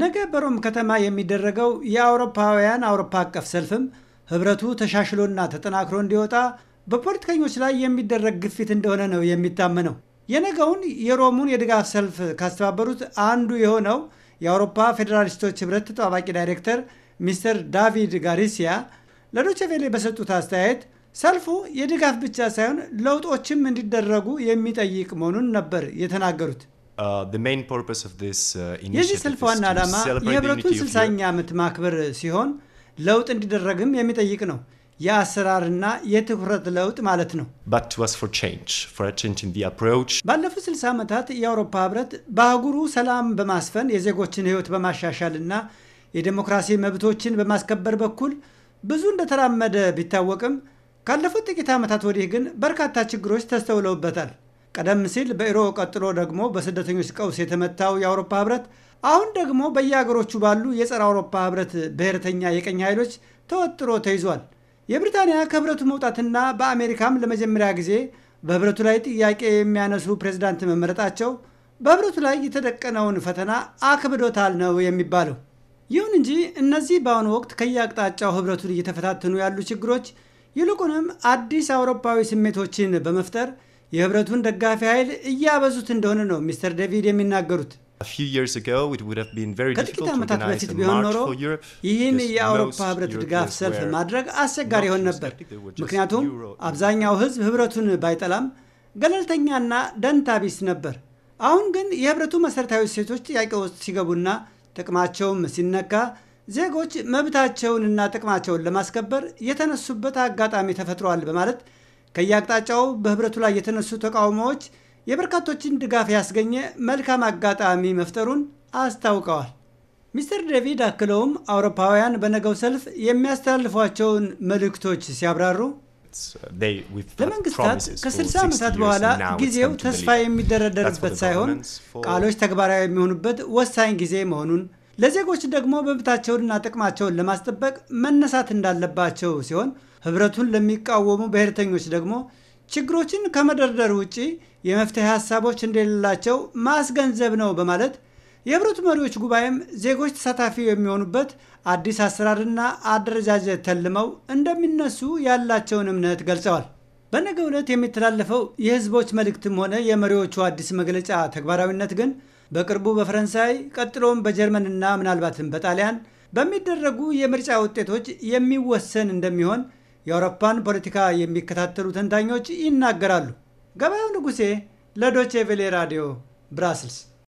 ነገ በሮም ከተማ የሚደረገው የአውሮፓውያን አውሮፓ አቀፍ ሰልፍም ህብረቱ ተሻሽሎና ተጠናክሮ እንዲወጣ በፖለቲከኞች ላይ የሚደረግ ግፊት እንደሆነ ነው የሚታመነው። የነገውን የሮሙን የድጋፍ ሰልፍ ካስተባበሩት አንዱ የሆነው የአውሮፓ ፌዴራሊስቶች ህብረት ተጠባባቂ ዳይሬክተር ሚስተር ዳቪድ ጋሪሲያ ለዶቸቬሌ በሰጡት አስተያየት ሰልፉ የድጋፍ ብቻ ሳይሆን ለውጦችም እንዲደረጉ የሚጠይቅ መሆኑን ነበር የተናገሩት። Uh, the main purpose of this uh, initiative የዚህ ሰልፍ ዋና ዓላማ የህብረቱን 60 ዓመት ማክበር ሲሆን ለውጥ እንዲደረግም የሚጠይቅ ነው። የአሰራርና የትኩረት ለውጥ ማለት ነው። ባለፉት 60 ዓመታት የአውሮፓ ህብረት በአህጉሩ ሰላም በማስፈን የዜጎችን ህይወት በማሻሻልና የዴሞክራሲ መብቶችን በማስከበር በኩል ብዙ እንደተራመደ ቢታወቅም ካለፉት ጥቂት ዓመታት ወዲህ ግን በርካታ ችግሮች ተስተውለውበታል። ቀደም ሲል በኢሮ ቀጥሎ ደግሞ በስደተኞች ቀውስ የተመታው የአውሮፓ ህብረት አሁን ደግሞ በየሀገሮቹ ባሉ የጸረ አውሮፓ ህብረት ብሔርተኛ የቀኝ ኃይሎች ተወጥሮ ተይዟል። የብሪታንያ ከህብረቱ መውጣትና በአሜሪካም ለመጀመሪያ ጊዜ በህብረቱ ላይ ጥያቄ የሚያነሱ ፕሬዝዳንት መመረጣቸው በህብረቱ ላይ የተደቀነውን ፈተና አክብዶታል ነው የሚባለው። ይሁን እንጂ እነዚህ በአሁኑ ወቅት ከየአቅጣጫው ህብረቱን እየተፈታተኑ ያሉ ችግሮች ይልቁንም አዲስ አውሮፓዊ ስሜቶችን በመፍጠር የህብረቱን ደጋፊ ኃይል እያበዙት እንደሆነ ነው ሚስተር ዴቪድ የሚናገሩት። ከጥቂት ዓመታት በፊት ቢሆን ኖሮ ይህን የአውሮፓ ህብረት ድጋፍ ሰልፍ ማድረግ አስቸጋሪ ይሆን ነበር። ምክንያቱም አብዛኛው ህዝብ ህብረቱን ባይጠላም ገለልተኛና ደንታ ቢስ ነበር። አሁን ግን የህብረቱ መሠረታዊ እሴቶች ጥያቄ ውስጥ ሲገቡና ጥቅማቸውም ሲነካ ዜጎች መብታቸውንና ጥቅማቸውን ለማስከበር የተነሱበት አጋጣሚ ተፈጥሯል በማለት ከየአቅጣጫው በህብረቱ ላይ የተነሱ ተቃውሞዎች የበርካቶችን ድጋፍ ያስገኘ መልካም አጋጣሚ መፍጠሩን አስታውቀዋል። ሚስተር ዴቪድ አክለውም አውሮፓውያን በነገው ሰልፍ የሚያስተላልፏቸውን መልእክቶች ሲያብራሩ uh, ለመንግስታት ከ60 ዓመታት በኋላ ጊዜው ተስፋ የሚደረደርበት ሳይሆን ቃሎች ተግባራዊ የሚሆኑበት ወሳኝ ጊዜ መሆኑን ለዜጎች ደግሞ መብታቸውንና ጥቅማቸውን ለማስጠበቅ መነሳት እንዳለባቸው ሲሆን ህብረቱን ለሚቃወሙ ብሔርተኞች ደግሞ ችግሮችን ከመደርደር ውጪ የመፍትሄ ሀሳቦች እንደሌላቸው ማስገንዘብ ነው በማለት የህብረቱ መሪዎች ጉባኤም ዜጎች ተሳታፊ የሚሆኑበት አዲስ አሰራርና አደረጃጀት ተልመው እንደሚነሱ ያላቸውን እምነት ገልጸዋል። በነገ ዕለት የሚተላለፈው የህዝቦች መልእክትም ሆነ የመሪዎቹ አዲስ መግለጫ ተግባራዊነት ግን በቅርቡ በፈረንሳይ ቀጥሎም በጀርመንና ምናልባትም በጣሊያን በሚደረጉ የምርጫ ውጤቶች የሚወሰን እንደሚሆን የአውሮፓን ፖለቲካ የሚከታተሉ ተንታኞች ይናገራሉ። ገበያው ንጉሴ ለዶቼ ቬሌ ራዲዮ ብራስልስ